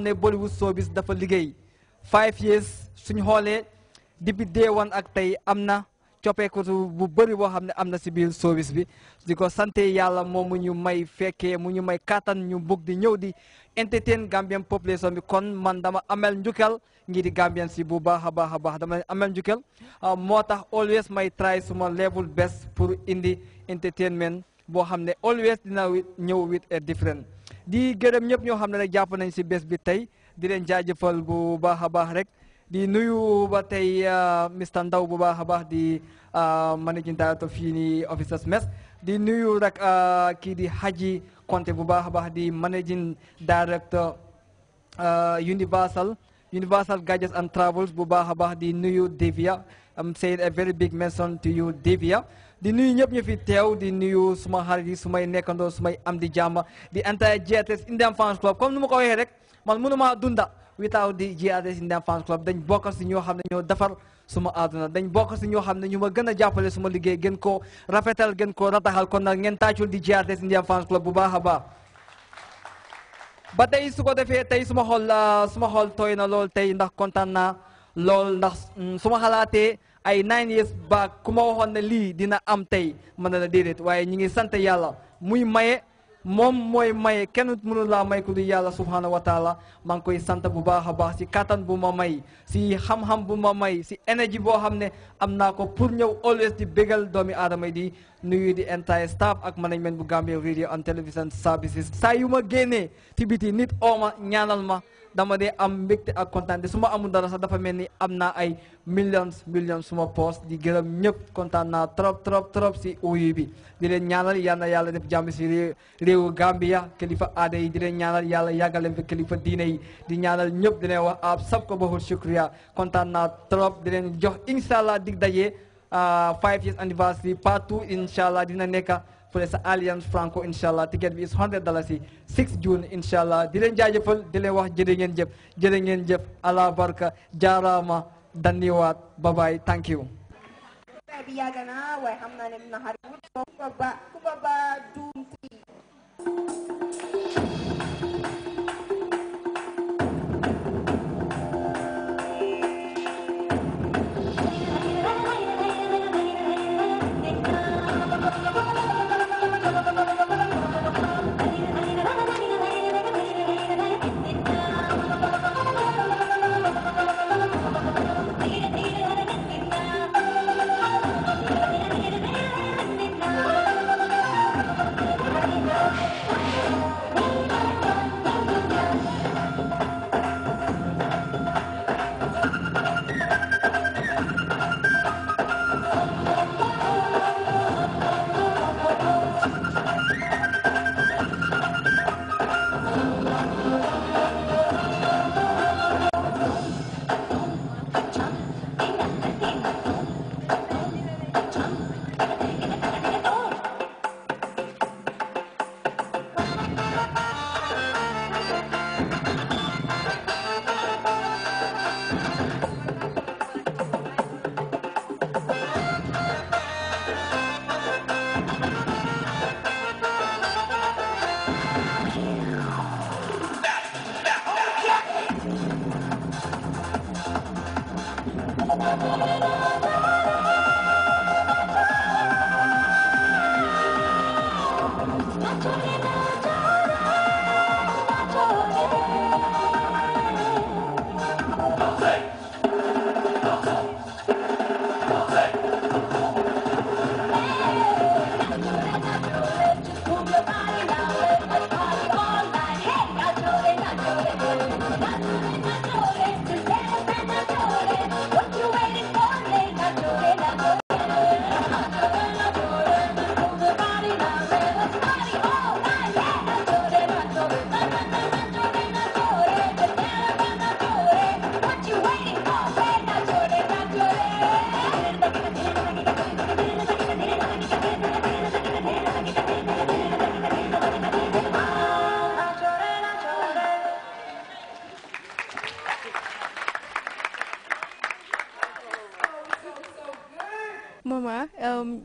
na Bollywood showbiz dafa liggéey five years suñ xoolee depuis day one ak tey am na coppeeku bu bëri boo xam ne am na si biir showbiz bi di ko sante yàlla moom mu ñu may fekkee mu ñu may kattan ñu bugg di ñëw di entertain Gambian population bi kon man dama ameel njukkal ngi di Gambian si bu baax a baax a baax dama ameel njukkal ah, moo tax always may try suma level best pour indi entertainment boo xam ne always dina ñëw with a different di gërëm ñëpp ñoo xam ne rek nañ si bés bi di leen jaajëfal bu baax baax rek di nuyu ba euh, Mr Ndaw bu baax euh, euh, baax di managing director Fini Officers Mess di nuyu rek kii di Haji Konte bu baax baax di managing director Universal Universal Gadgets and Travels bu baax baax di nuyu Devia, I'm saying a very big mention to you Devia. di nuyu ñëpp ñu fi teew di nuyu suma xarit yi sumay nekkandoo sumay am di jàmm di entire GRTS Indian Fans Club comme ni ma ko waxee rek man mënuma dunda without di GRTS Indian Fans Club dañ bokk si ñoo xam ne ñoo defar suma àdduna dañ bokk si ñoo xam ne ñu ma gën a jàppale suma liggéey gën koo rafetal gën koo rataxal kon nag ngeen tàccul di GRTS Indian Fans Club bu baax a baax ba tey su ko defee tey suma xol ah, suma xol tooy na lool tey ndax kontaan naa lool ndax mm, suma xalaatee ay nine years back ku ma waxoon na lii dina am tey mën na la déedéet waaye ñi ngi sant yàlla muy maye mom moy may kenut munu la may ku yalla subhanahu wa taala mang koy sante bu baakha baax si kattan bu ma may si xam-xam bu ma may ci energy bo xamne ne ko pour ñew always di begal domi aadama di nuyu di entire staff ak management bu Gambia radio and television services saa yu ma génnee ci biti nit oma ñaanal ma dama de am mbekté ak kontaan suma ma amul dara sax dafa melni amna ay millions millions suma post di gërëm ñëpp kontaan na trop trop trop si uyu bi di len ñaanal yalla yalla def jamm ci rew Gambia kilifa aada yi di len ñaanal yalla yagal len fi kilifa diine yi di ñaanal ñepp di leen wax ab sab ko bahul shukriya contane na trop di len jox inshallah allah dig daje ah, five years anniversary partout incha allah dina neka fële sa alliance franco inshallah ticket bi is 100 dollars yi 6 June inshallah di len jaajëfal di len wax jërë ngeen jep jërë ngeen jep ala barka jaaraama bye bye thank you biyaga na way xam naa ne na xarit ku baba ku baba duum kuy Thank you. Thank you.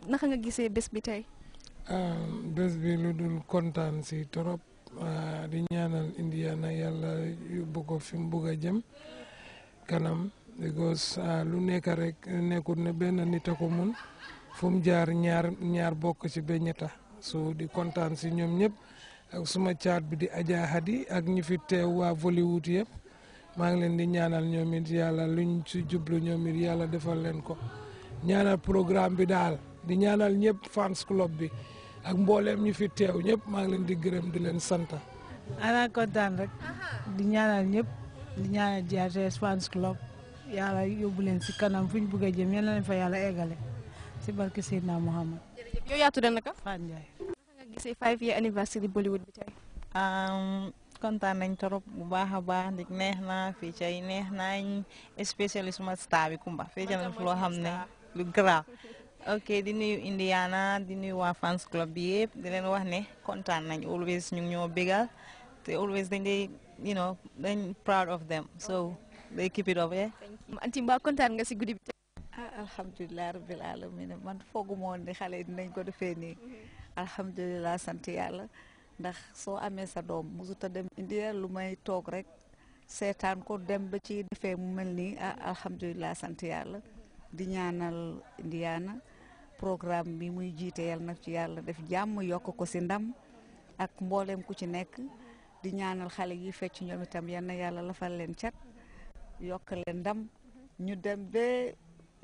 naka nga gisee bes bi tey ah, bes bi lu dul kontaan torop ah, di ñaanal Indiana yàlla yóbbu ko fi mu bugg a jëm kanam because ah, lu nekk rek nekkul ne benn nit a ko mun fu mu jaar ñaar ñaar bokk ci so di kontaan si ñoom ñëpp ak suma caat bi di Adja Hadi ak ñi fi teew waa Bollywood yëpp maa ngi leen di ñaanal ñoom it yàlla luñ ci jublu ñoom it yàlla defal leen ko ñaanal programme bi daal. di ñaanal ñëpp fans club bi ak mbooleem ñu fi teew ñépp maa ngi leen di gërëm di leen sant. ana kontaan rek di ñaanal ñëpp di ñaanal GRTS fans club yàlla yóbbu leen si kanam fu ñu bëgg a jëm yal na leen fa yàlla eggale si barke Seydina Muhammad. jërëjëf yow yaa tudd naka. Fane Ndiaye. naka nga gisee five year anniversary Bollywood bi kontaan nañ trop bu baax a baax ndig neex na fii cay neex nañ spécialiste ma star bi Kumba fii ca loo xam ne lu grave ok di nuyu Indiana di nuyu wa fans club bi yëpp di len wax ne contane nañ always ñu ñoo bégal te always dañ day you know dañ proud of them so they keep it up eh anti mba contane nga si goudi bi. ah alhamdulilah rabbil alamin man foogu moon ni xalé dinañ ko defé ni alhamdullilah sante yalla ndax so amé sa doom mosut dem india lu may rek ko dem ba ci defé mu melni ah di ñaanal Indiana. programme bi muy jiite yàlla nag ci yàlla def jàmm yokk ko si ndam ak mboolem ku ci nekk di ñaanal xale yi fecc ñoom itam yal na yàlla lafal leen cat yokk leen ndam ñu dem ba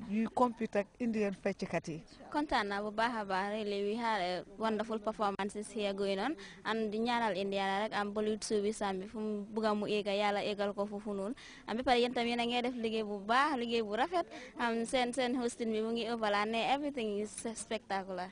you compete Indian feccikat yi. kontaan naa bu baax a baax really we had a wonderful performances here going on and di ñaanal India rek am Bollywood showbiz-am bi fu mu bugg a mu ega yàlla eegal ko foofu noonu am ba pare yéen tamit yéen a ngi def liggéey bu baax liggéey bu rafet am um, seen seen hosting bi mu ngi overland ne everything is spectacular